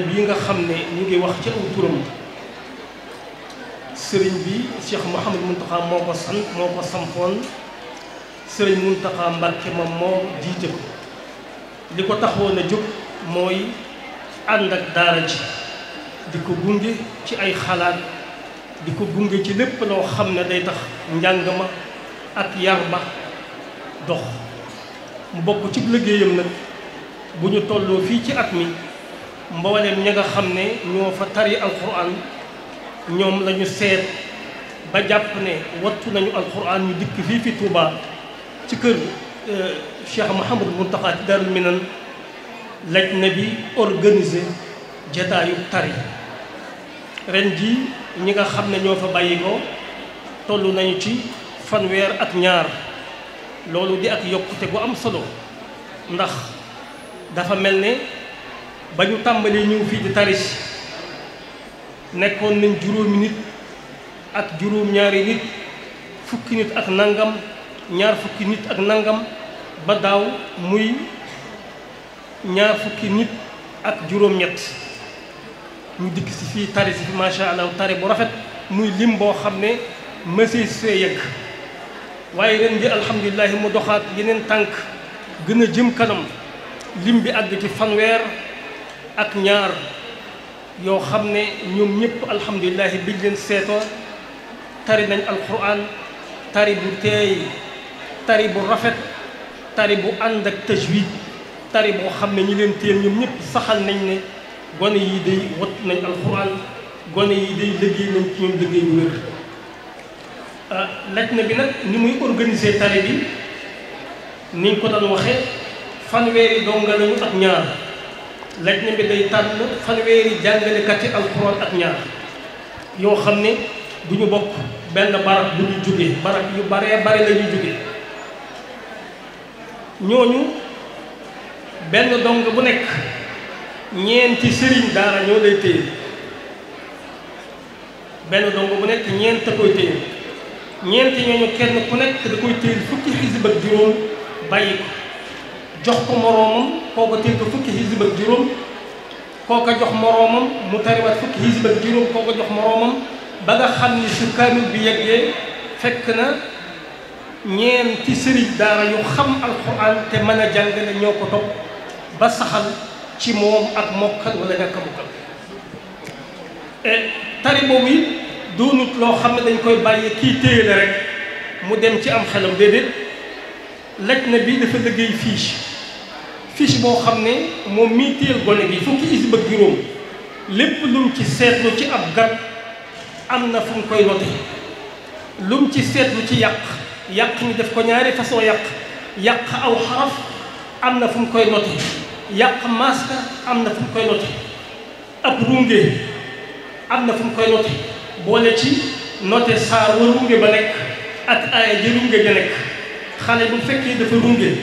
fitna nga xam ne ñu ngi wax ci aw sëriñ bi Cheikh Mouhamadou Mountakha moo ko sant moo ko sampoon sëriñ Mountakha Mbacké moom moo jiite ko li ko taxoon a jóg mooy ànd ak daara ji di ko gunge ci ay xalaat di ko gunge ci lépp loo xam ne day tax njàng ma ak yar ba dox mu bokk ci liggéeyam nag bu ñu tolloo fii ci at mi mboolem ña nga xam ne ñoo fa tari alquran ñoom la ñu seet ba jàpp ne wattu nañu alquran ñu dikk fii fi Touba ci kër euh, Cheikh Mouhamadou Mountakha ci Darou Minane laj na bi organiser jataayu tari ren ji ñi nga xam ne ñoo fa bàyyi ko toll nañu ci fanweer ak ñaar loolu di ak yokkute bu am solo ndax dafa mel ne ba ñu tàmbalee ñëw fii di tari nekkoon nañ juróomi nit ak juróom-ñaari nit fukki nit ak nangam ñaar fukki nit ak nangam ba daaw muy ñaar fukki nit ak juróom-ñett ñu dikk si fii tari si fi macha allah tari bu rafet muy lim boo xam ne mësee fee yegg waaye ren ji alhamdulilah mu doxaat yeneen tànk gën a jëm kanam lim bi àgg ci fanweer. ak ñaar yoo xam ne ñoom ñëpp alhamdulilahi biñ leen seetoo tari nañ alquran tari bu teey tari bu rafet tari bu ànd ak tajwid tari boo xam ne ñi leen téel ñoom ñëpp saxal nañ ne gone yi day wat nañ alquran gone yi day liggéey nañ ci ñoom liggéey bu wér euh, laj na bi nag ni muy organiser tari bi niñ ko doon waxee fanweeri donga lañu ak ñaar laj na bi day tànn fanweeri jàngalekati alxuraan ak ñaar yoo xam ne du ñu bokk benn barab bu ñu jógee barab yu baree bare la ñuy jógee ñooñu benn dongo bu nekk ñeenti sëriñ daara ñoo lay téye benn dongo bu nekk ñeent a koy téye ñeenti ñooñu kenn ku nekk da koy téye fukki xisib ak juróom bàyyi ko jox ko moroomam kooka teel ko fukki xisib juróom kooka jox moroomam mu tariwaat fukki xisib ak juróom kooka jox moroomam ba nga xam ni su kaamil bi yeggee fekk na ñeenti sëriñ daara yu xam alxuraan te mën a jàngale ñoo ko topp ba saxal ci moom ak mokkal wala ñàkk a mokkal e, tari boobu it doonut loo xam ne dañ koy bàyyi kii téye la rek mu dem ci am xelam déedéet laj na bi dafa liggéey fiche fiche boo xam ne moom mii téel gone gi fukki is juróom lépp lu ci seetlu ci ab gat am na fu koy noté lu ci seetlu ci yàq yàq ñu def ko ñaari façon yàq yàq aw xaraf am na fum koy noté yàq maska am na fu koy noté ab runge am na fu mu koy noté boole ci noté saar wa runge ba nekk at aaya ji runge ga nekk xale bu fekkee dafa runge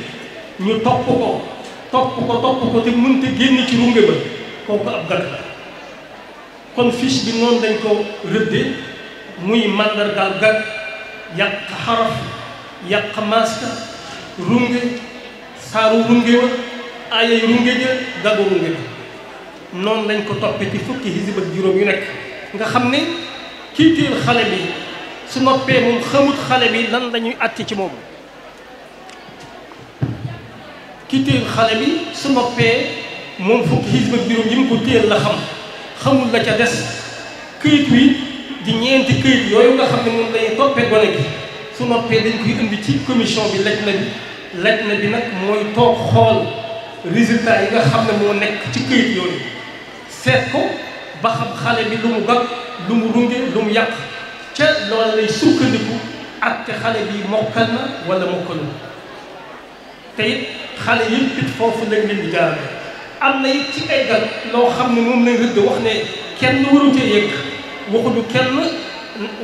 ñu topp ko topp ko topp ko te mënta génn ci runge ba kooku ab gàtt la kon fiche bi noonu dañ ko rëdde muy màndargaal gàtt yàq xaraf yàq maska runge saaru runge wa aayay runge ja runge ba noonu lañ ko toppee ci fukki xisib juróom yu nekk nga xam ni kii téel xale bi su noppee moom xamut xale bi lan la ñuy àtte ci moom ki téel xale bi su noppee moom fukki xisba juróom yi mu ko téel la xam xamul la ca des këyit yi di ñeenti këyit yooyu nga xam ne moom lañuy toppee gone gi su noppee dañ koy indi ci commission bi laj na bi na bi nag mooy toog xool résultat yi nga xam ne moo nekk ci këyit yooyu seet ko ba xam xale bi lu mu gag lu mu runge lu mu yàq ca loolu lay sukkandiku ak te xale bi mokkal na wala mokkalu te it xale yëpp it foofu lañ leen di jaarale am na it ci ay gal loo xam ne moom lañ rëdd wax ne kenn waru cee yëg waxuñu kenn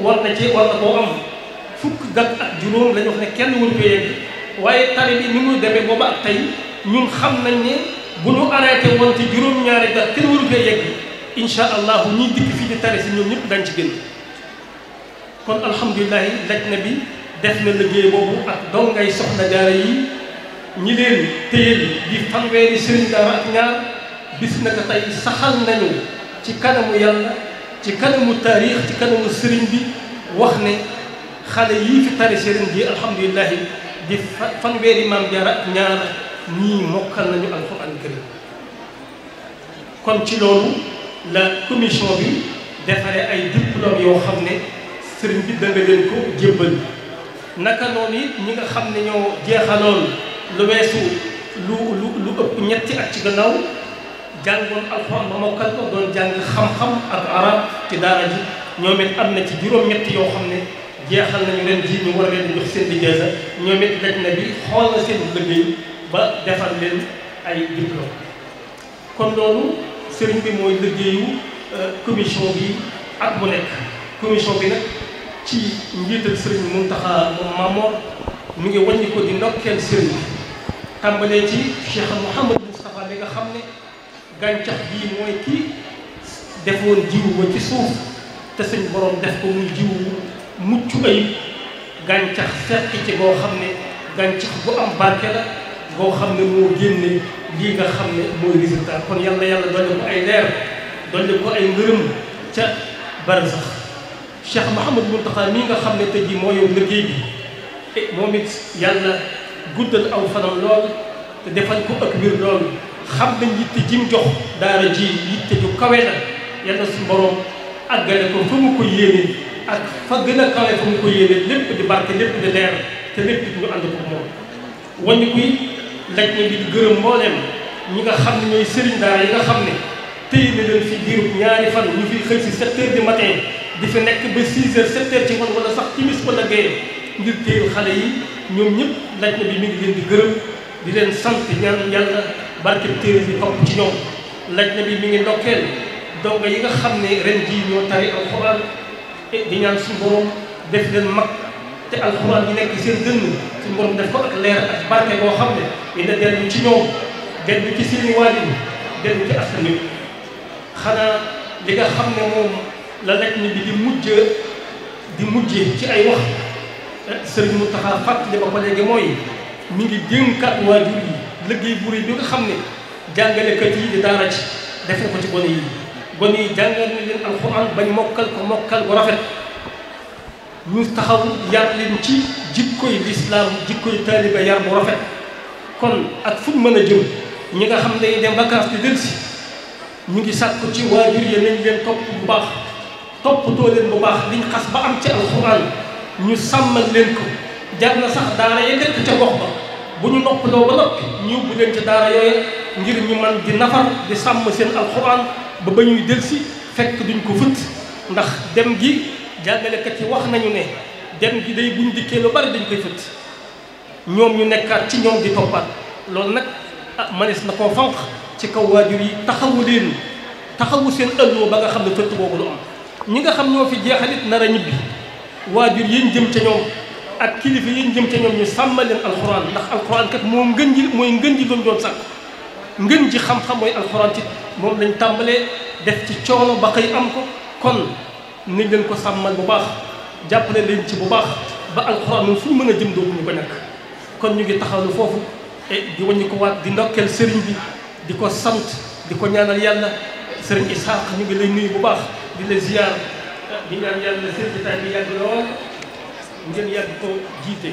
war na cee war na koo am fukk gat ak juróom lañ wax ne kenn waru cee yëg waaye tari bi ni muy demee booba ak tey ñun xam nañ ne bu ñu arrêté woon ci juróom-ñaari gat kenn waru cee yëg incha allah ñuy dikk fii di tari si ñoom ñëpp dañ ci gën kon alhamdulilah laj na bi def na liggéey boobu ak dongay soxna jaara yi. ñi leen téyel di fanweeri sëriñ daara ak ñaar bis naka tey saxal nañu ci kanamu yàlla ci kanamu taarix ci kanamu sëriñ bi wax ne xale yii fi tari sëriñ bi alhamdulilahi di fanweeri maam jaara ak ñaar ñii mokkal nañu alxuraan karim kon ci loolu la commission bi defaree ay diplôme yoo xam ne sëriñ bi danga leen ko jébbal naka noonu it ñi nga xam ne ñoo jeexaloon lu weesu lu lu ëpp ñetti at ci gannaaw jàngoon alxuraan ba mokkal ko doon jàng xam-xam ak arab ci daara ji am na ci juróom yoo xam ne jeexal nañu leen ji ñu war leen jox seen liggéey ñoom it daj na bi xool na seen liggéey ba defal leen ay diplôme kon loolu sëriñ bi mooy liggéeyu euh, commission bi ak mu nekk commission bi nag ci njiital sëriñ Muntaxa moom Mamoor mi ngi wàññi ko di ndokkeel sëriñ tàmbalee ci Cheikh Mouhamadou Moustapha li nga xam ne gàncax bii mooy kii defoon jiwu ba ci suuf te suñ borom def ko muy jiwu mucc ayib gàncax fekk ci boo xam ne gàncax bu am barke la boo xam ne moo génne lii nga xam ne mooy résultat kon yàlla yàlla dolli ko ay leer dolli ko ay ngërëm ca barsax Cheikh Mouhamadou Moustapha mii nga xam ne tey jii moo yow liggéey bi eh, moom it yàlla. guddal aw fanam lool te defal ko ak wér lool xam nañ yitte jim jox daara ji yitte ju kawe la yàlla su borom àggale ko fa mu ko yéene ak fa gën a kawe fa mu ko yéene lépp di barke lépp di leer te lépp ñu ànd ko moom wañu kuy laj na bi gërëm mboolem ñu nga xam ne ñooy sëriñ daara yi nga xam ne tey na leen fi diirub ñaari fan ñu fi xëy si 7 heures du di fi nekk ba 6 heures 7 heures ci ngoon wala sax timis wala géye ngir téyel xale yi ñoom ñëpp laaj na bi mi ngi leen di gërëm di leen sant ñaan yàlla barke téere bi topp ci ñoom laaj na bi mi ngi ndokkeel donga yi nga xam ne ren jii ñoo tari alxuraan eh, di ñaan suñu borom def leen te alxuraan yi seen dënn suñu borom def ko leer barke boo xam ne dina dellu ci ñoom dellu ci seeni waajur dellu ci askan wi xanaa li nga ne moom la laaj na bi di mujj di mujjee ci ay wax Serigne Mountakha fàttali ba ko léegi mooy mu ngi dénkaat waajur yi liggéey bu rëy bi nga xam ne kër yi di daara ci defee ko ci gone yi gone yi jàngal leen alxuraan bañ mokkal ko mokkal bu rafet ñu taxaw yar leen ci jikkoy lislaam jikkoy taaliba yar bu rafet kon ak fu mën a jëm ñi nga xam ne dem vacances di delsi ñu ngi sàkku ci waajur yi nañ leen topp bu baax toppatoo leen bu baax liñ xas ba am ci alxuraan ñu sàmmal leen ko jar na sax daara ya nekk ca gox ba bu ñu noppaloo ba noppi ñu yóbbu leen ca daara yooyu ngir ñu man di nafar di sàmm seen alxuraan ba ba ñuy delsi fekk duñ ko fëtt ndax dem gi jàngalekat yi wax nañu ne dem gi day buñ dikkee lu bari dañ koy fëtt ñoom ñu nekkaat ci ñoom di toppaat lool nag ah manis na koo fanq ci kaw waajur yi taxawu leen taxawu seen ëllëg ba nga xam ne fëtt boobu lu am ñi nga xam ñoo fi jeexalit nar a ñibbi waajur yéen jëm ca ñoom ak kilifa yéen jëm ca ñoom ñu sàmmal leen alxuraan ndax alxuraan kat moo ngën ji mooy ngën ji doon doon sàkk ngën ji xam-xam mooy alxuraan ci moom lañ tàmbalee def ci coono ba xëy am ko kon nañ leen ko sàmmal bu baax jàppale leen ci bu baax ba alxuraan moom fu ñu mën a jëm doomu ñu ko kon ñu ngi taxaw lu foofu di wàññi ko waat di ndokkeel sëriñ bi di ko sant di ko ñaanal yàlla sëriñ Isaax ñu ngi lay nuy bu baax di la ziyaar di ñaan yàlla seen jotaay bi yàgg lool ngeen yàgg ko jiite